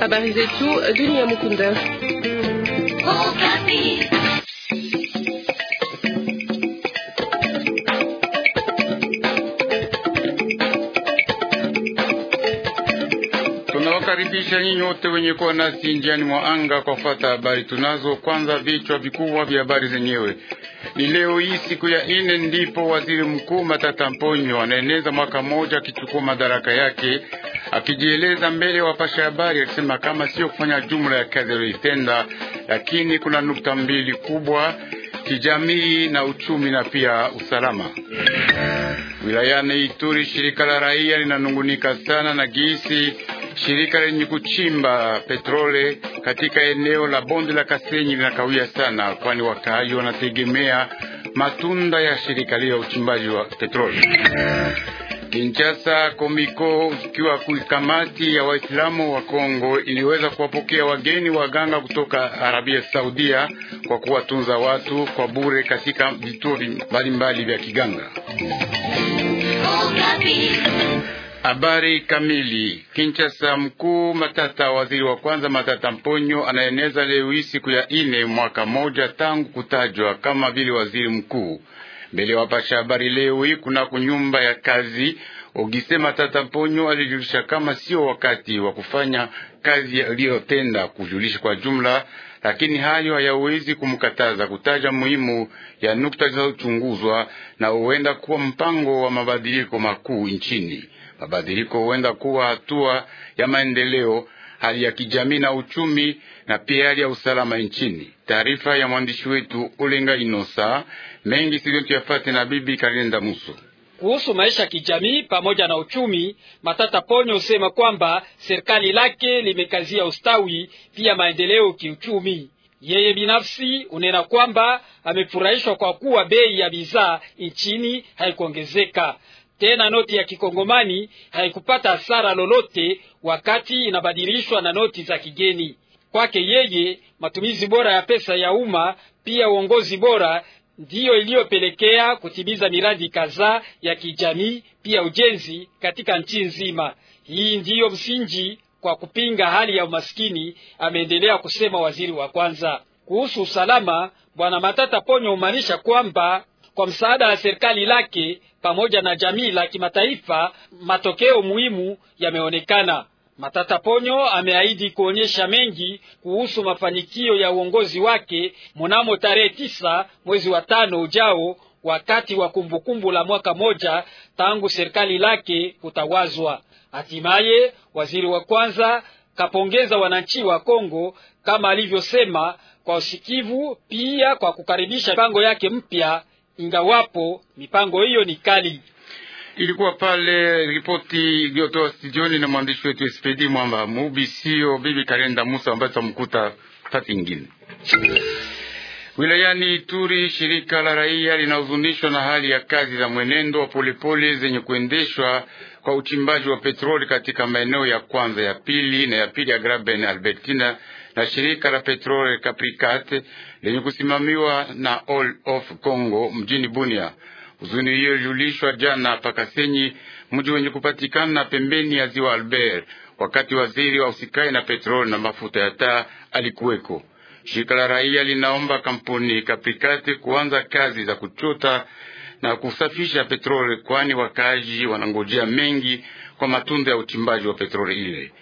Habari zetu dunia mukunda. kukaribisha nyinyi wote wenye kuwa nasi njiani mwa anga kwa fata habari tunazo. Kwanza vichwa vikubwa vya habari zenyewe ni leo hii siku ya ine ndipo waziri mkuu Matata Mponyo anaeneza mwaka mmoja akichukua madaraka yake, akijieleza mbele ya wapasha habari akisema kama sio kufanya jumla ya kazi aliyoitenda, lakini kuna nukta mbili kubwa kijamii na uchumi na pia usalama. Wilayani Ituri, shirika la raia linanungunika sana na gisi Shirika lenye kuchimba petrole katika eneo la bonde la Kasenyi linakawia sana, kwani wakaaji wanategemea matunda ya shirika lile ya uchimbaji wa petrole Kinshasa, Komiko ukiwa kuikamati ya Waislamu wa Kongo iliweza kuwapokea wageni waganga kutoka Arabia Saudia kwa kuwatunza watu kwa bure katika vituo mbalimbali vya kiganga. Oh, Habari kamili. Kinshasa, mkuu Matata, waziri wa kwanza Matata Mponyo anaeneza leo hii siku ya ine mwaka moja tangu kutajwa kama vile waziri mkuu mbele ya wapasha habari leo hii kunako nyumba ya kazi. Ogise Matata Mponyo alijulisha kama sio wakati wa kufanya kazi aliyotenda kujulisha kwa jumla, lakini hayo hayawezi kumkataza kutaja muhimu ya nukta zinazochunguzwa na huenda kuwa mpango wa mabadiliko makuu nchini. Mabadiliko huenda kuwa hatua ya maendeleo, hali ya kijamii na uchumi, na pia hali ya usalama nchini. Taarifa ya mwandishi wetu Ulenga Inosa mengi sivyotuyafate na Bibi Kalenda Muso kuhusu maisha ya kijamii pamoja na uchumi. Matata Ponyo husema kwamba serikali lake limekazia ustawi pia maendeleo kiuchumi. Yeye binafsi unena kwamba amefurahishwa kwa kuwa bei ya bidhaa nchini haikuongezeka, tena noti ya kikongomani haikupata hasara lolote wakati inabadilishwa na noti za kigeni. Kwake yeye, matumizi bora ya pesa ya umma pia uongozi bora ndiyo iliyopelekea kutimiza miradi kadhaa ya kijamii pia ujenzi katika nchi nzima. Hii ndiyo msingi kwa kupinga hali ya umaskini, ameendelea kusema waziri wa kwanza. Kuhusu usalama, bwana Matata Ponyo humaanisha kwamba kwa msaada wa serikali lake pamoja na jamii la kimataifa, matokeo muhimu yameonekana. Matata Ponyo ameahidi kuonyesha mengi kuhusu mafanikio ya uongozi wake mnamo tarehe tisa mwezi wa tano ujao wakati wa kumbukumbu la mwaka moja tangu serikali lake kutawazwa. Hatimaye waziri wa kwanza kapongeza wananchi wa Kongo kama alivyosema kwa usikivu, pia kwa kukaribisha mpango yake mpya ingawapo mipango hiyo ni kali. Ilikuwa pale ripoti iliyotoa studioni na mwandishi wetu SPD Mwamba Mubi, sio bibi Kalenda Musa ambaye tutamkuta fasi ingine Wilayani Ituri, shirika la raia linahuzunishwa na hali ya kazi za mwenendo wa polepole zenye kuendeshwa kwa uchimbaji wa petroli katika maeneo ya kwanza, ya pili na ya pili ya Graben Albertina na shirika la petrole Capricat lenye kusimamiwa na All of Congo mjini Bunia. Huzuni hiyo ilijulishwa jana Pakasenyi, mji wenye kupatikana pembeni ya ziwa Albert, wakati waziri wa usikai na petrole na mafuta ya taa alikuweko. Shirika la raia linaomba kampuni Capricat kuanza kazi za kuchota na kusafisha petrole kwani wakaaji wanangojea mengi kwa matunda ya uchimbaji wa petroli ile.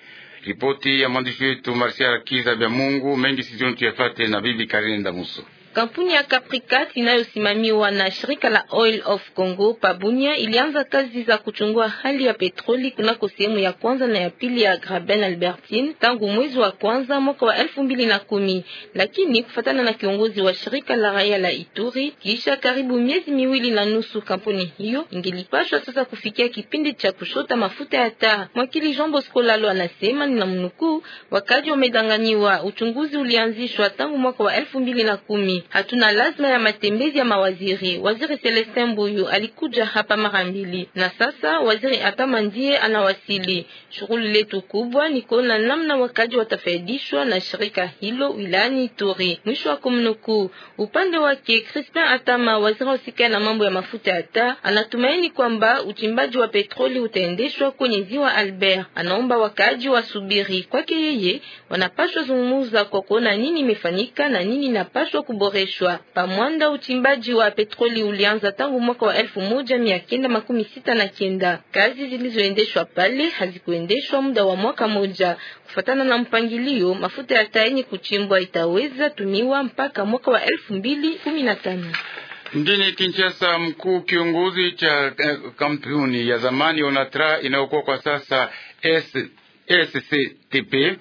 Ripoti ya mwandishi wetu Marsial Kiza Bya Mungu mengi sizioni tuyafate na bibi Karine Ndamuso. Kampuni ya Capricat inayosimamiwa na shirika la Oil of Congo Pabunia ilianza kazi za kuchungua hali ya petroli kunako sehemu ya kwanza na ya pili ya Graben Albertine tangu mwezi wa kwanza mwaka wa elfu mbili na kumi, lakini kufatana na kiongozi wa shirika la raia la Ituri, kisha karibu miezi miwili na nusu, kampuni hiyo ingelipashwa sasa kufikia kipindi cha kushota mafuta ya taa. Mwakili Jean Bosco Lalo anasema ni namnukuu, wakaji wamedanganywa. Uchunguzi ulianzishwa tangu mwaka wa elfu mbili na kumi. Hatuna lazima ya matembezi ya mawaziri. Waziri Celestin Mbuyu alikuja hapa mara mbili na sasa waziri Atama ndiye anawasili. Shughuli letu kubwa ni kuona namna wakaji watafaidishwa na shirika hilo wilani Ituri. Mwisho wa kumnuku. Upande wake Crispin Atama, waziri usika na mambo ya mafuta ya taa, anatumaini kwamba uchimbaji wa petroli utaendeshwa kwenye ziwa Albert. Anaomba wakaji wasubiri. Kwake yeye wanapaswa zungumza kwa kuona nini imefanyika na nini inapaswa kuboreshwa kuboreshwa. Pamwanda, uchimbaji wa petroli ulianza tangu mwaka wa elfu moja mia kenda makumi sita na kenda. Kazi zilizoendeshwa pale hazikuendeshwa muda wa mwaka moja. Kufatana na mpangilio, mafuta ya taini kuchimbwa itaweza tumiwa mpaka mwaka wa elfu mbili kumi na tano. Mjini Kinshasa, mkuu kiongozi cha eh, kampuni ya zamani Onatra inayokuwa kwa sasa SCTP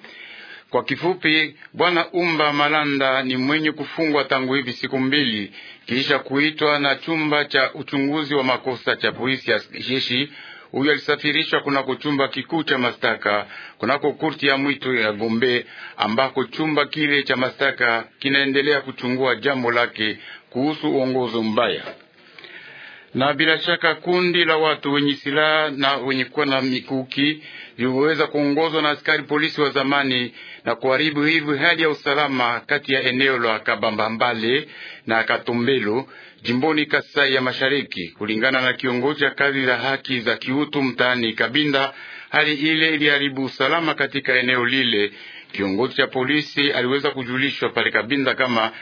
kwa kifupi, bwana Umba Malanda ni mwenye kufungwa tangu hivi siku mbili kisha kuitwa na chumba cha uchunguzi wa makosa cha polisi ya jeshi. Huyo alisafirishwa kunako chumba kikuu cha mashtaka kunako kurti ya mwitu ya Gombe, ambako chumba kile cha mashtaka kinaendelea kuchungua jambo lake kuhusu uongozo mbaya na bila shaka kundi la watu wenye silaha na wenye kuwa na mikuki liliweza kuongozwa na askari polisi wa zamani na kuharibu hivi hali ya usalama kati ya eneo la Kabambambale na Katumbelo jimboni Kasai ya Mashariki. Kulingana na kiongozi ya kazi za haki za kiutu mtaani Kabinda, hali ile iliharibu usalama katika eneo lile. Kiongozi cha polisi aliweza kujulishwa pale Kabinda kama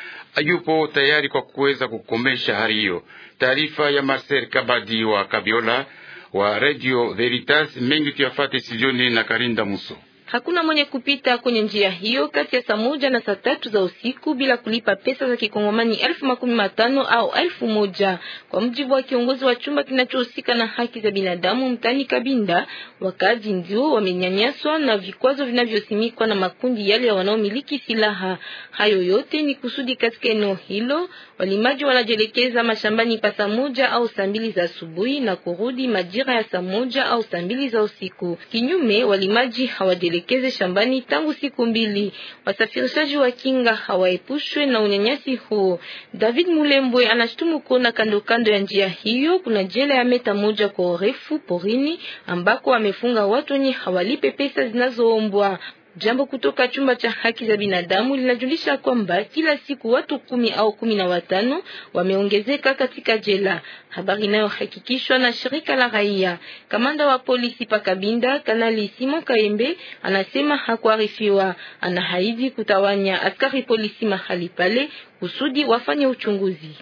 yupo tayari kwa kuweza kukomesha hali hiyo. Taarifa ya Marcel Kabadi wa Kabiola wa Radio Veritas mengi tuyafate sijoni na Karinda Muso. Hakuna mwenye kupita kwenye njia hiyo kati ya saa moja na saa tatu za usiku bila kulipa pesa za kikongomani elfu makumi matano au elfu moja kwa mjibu wa kiongozi wa chumba kinachohusika na haki za binadamu mtani Kabinda. Wakazi ndio wamenyanyaswa na vikwazo vinavyosimikwa na makundi yale ya wanaomiliki silaha. Hayo yote ni kusudi katika eneo hilo walimaji wanajielekeza mashambani pa saa moja au saa mbili za asubuhi na kurudi majira ya saa moja au saa mbili za usiku. Kinyume walimaji hawajielekezi wajielekeze shambani tangu siku mbili. Wasafirishaji wa kinga hawaepushwe na unyanyasi huo. David Mulembwe anashutumu kuona kando kando ya njia hiyo kuna jela ya meta moja kwa urefu porini ambako wamefunga watu wenye hawalipe pesa zinazoombwa. Jambo kutoka chumba cha haki za binadamu linajulisha kwamba kila siku watu kumi au kumi na watano wameongezeka katika jela, habari inayohakikishwa na shirika la raia. Kamanda wa polisi Pakabinda, Kanali Simon Kaembe, anasema hakuarifiwa. Anahaidi kutawanya askari polisi mahali pale kusudi wafanye uchunguzi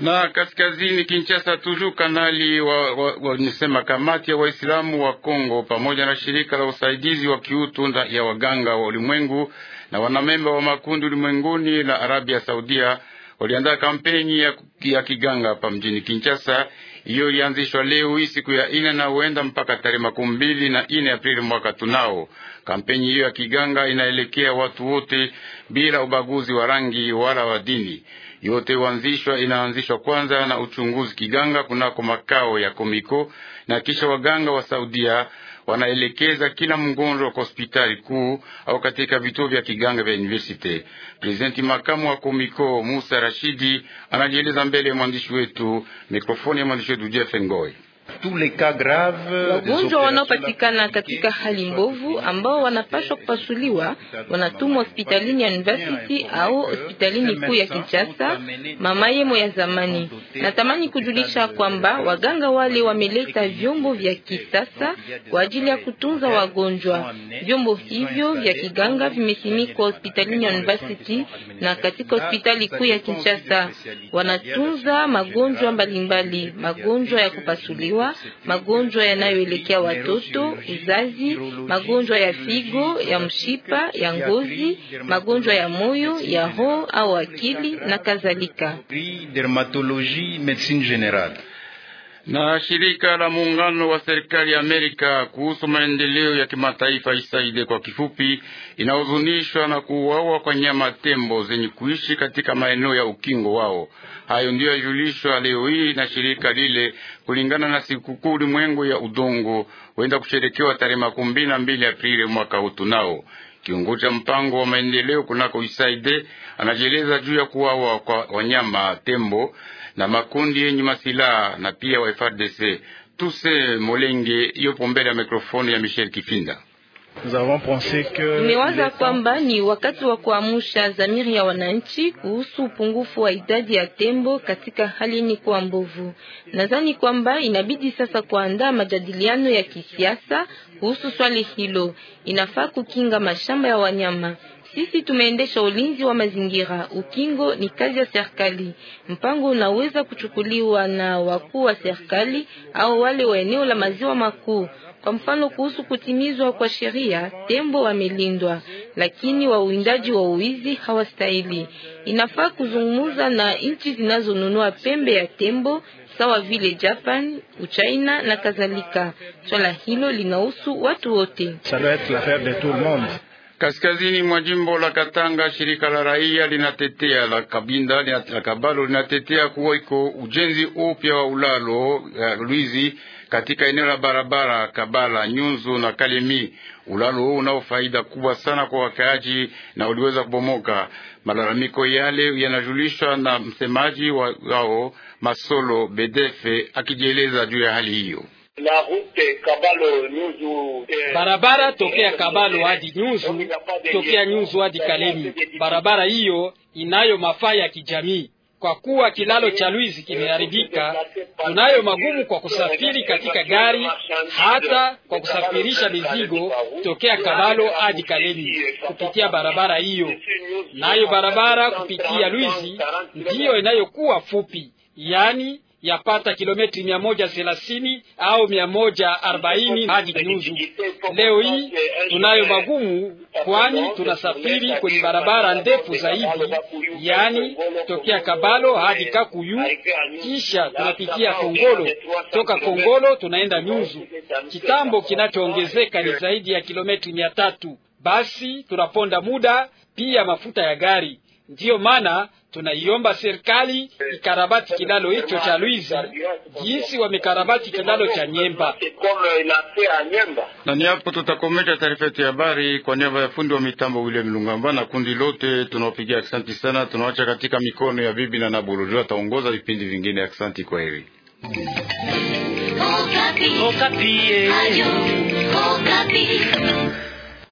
na kaskazini Kinshasa, tuju kanali wa, wa, wa, nisema kamati ya Waislamu wa Kongo pamoja na shirika la usaidizi wa kiutu ya waganga wa ulimwengu na wanamemba wa makundi ulimwenguni la Arabia Saudia waliandaa kampeni ya, ya kiganga hapa mjini Kinshasa. Hiyo ilianzishwa leo hii siku ya ine na huenda mpaka tarehe makumi mbili na ine Aprili mwaka tunao. Kampeni hiyo ya kiganga inaelekea watu wote bila ubaguzi wa rangi wala wa dini yote huanzishwa inaanzishwa kwanza na uchunguzi kiganga kunako makao ya Komiko, na kisha waganga wa Saudia wanaelekeza kila mgonjwa kwa hospitali kuu au katika vituo vya kiganga vya university. Presidenti makamu wa Komiko Musa Rashidi anajieleza mbele ya mwandishi wetu, mikrofoni ya mwandishi wetu Jeff Ngoi. Wagonjwa wanaopatikana katika hali mbovu ambao wanapaswa kupasuliwa wanatumwa hospitalini ya university au hospitalini kuu ya Kinshasa. Mama Yemo ya zamani, natamani kujulisha kwamba waganga wale wameleta vyombo vya kisasa kwa ajili ya kutunza wagonjwa. Vyombo hivyo vya kiganga vimesimikwa hospitalini ya university na katika hospitali kuu ya Kinshasa. Wanatunza magonjwa mbalimbali, magonjwa ya kupasuliwa mimba, magonjwa yanayoelekea watoto, uzazi, magonjwa ya figo, ya mshipa, ya ngozi, magonjwa ya moyo, ya roho au akili na kadhalika na shirika la muungano wa serikali ya Amerika kuhusu maendeleo ya kimataifa isaide kwa kifupi, inahuzunishwa na kuuawa kwa nyama tembo zenye kuishi katika maeneo ya ukingo wao. Hayo ndiyo yajulishwa leo hii na shirika lile kulingana na sikukuu ulimwengu ya udongo huenda kusherekewa tarehe makumi mbili na mbili Aprili mwaka huu tunao Kiongozi mpango wa maendeleo kunako USAID anajieleza juu ya kuwawa kwa wanyama tembo na makundi yenye masilaha na pia wa frdc Tuse Molenge yopo mbele ya mikrofoni ya Michel Kifinda. Nimewaza kwamba ni wakati wa kuamsha dhamiri ya wananchi kuhusu upungufu wa idadi ya tembo katika hali ni kwa mbovu. Nadhani kwamba inabidi sasa kuandaa majadiliano ya kisiasa kuhusu swali hilo. Inafaa kukinga mashamba ya wanyama. Sisi tumeendesha ulinzi wa mazingira. Ukingo ni kazi ya serikali. Mpango unaweza kuchukuliwa na wakuu wa serikali au wale wa eneo la maziwa makuu. Kwa mfano, kuhusu kutimizwa kwa sheria, tembo wamelindwa, lakini wawindaji wa uwizi hawastahili. Inafaa kuzungumza na nchi zinazonunua pembe ya tembo sawa vile Japan, Uchina na kadhalika. Swala hilo linahusu watu wote. Kaskazini mwa jimbo la Katanga, shirika la raia linatetea la Kabinda la Kabalo linatetea kuwa iko ujenzi upya wa ulalo uh, eh, Lwizi katika eneo la barabara Kabala, Nyunzu na Kalemi. Ulalo huu unao faida kubwa sana kwa wakaaji na uliweza kubomoka. Malalamiko yale yanajulishwa na msemaji wa wao Masolo Bedefe akijieleza juu ya hali hiyo. Eh, barabara eh, tokea eh, Kabalo hadi Nyunzu, tokea Nyunzu hadi Kalemi, barabara hiyo inayo mafaa ya kijamii kwa kuwa kilalo cha Luizi kimeharibika, tunayo magumu kwa kusafiri katika gari, hata kwa kusafirisha mizigo tokea Kabalo hadi Kaleni kupitia barabara hiyo. Nayo barabara kupitia Luizi ndiyo inayokuwa fupi, yaani yapata kilometri mia moja thelathini au mia moja arobaini hadi Juzu. Leo hii tunayo magumu, kwani tunasafiri kwenye barabara ndefu zaidi, yaani tokea Kabalo hadi Kakuyu, kisha tunapitia Kongolo, toka Kongolo tunaenda Nyuzu. Kitambo kinachoongezeka ni zaidi ya kilometri mia tatu. Basi tunaponda muda pia mafuta ya gari. Ndiyo maana tunaiomba serikali ikarabati kilalo hicho cha Luizi jinsi wamekarabati kilalo cha Nyemba. Na ni hapo tutakomesha taarifa yetu ya habari. Kwa niaba ya fundi wa mitambo William Lungamba na kundi lote tunawapigia aksanti sana, tunawacha katika mikono ya bibi na ndio ataongoza vipindi vingine. Aksanti, kwa heri. Okapi. Okapi. Ayu, Okapi.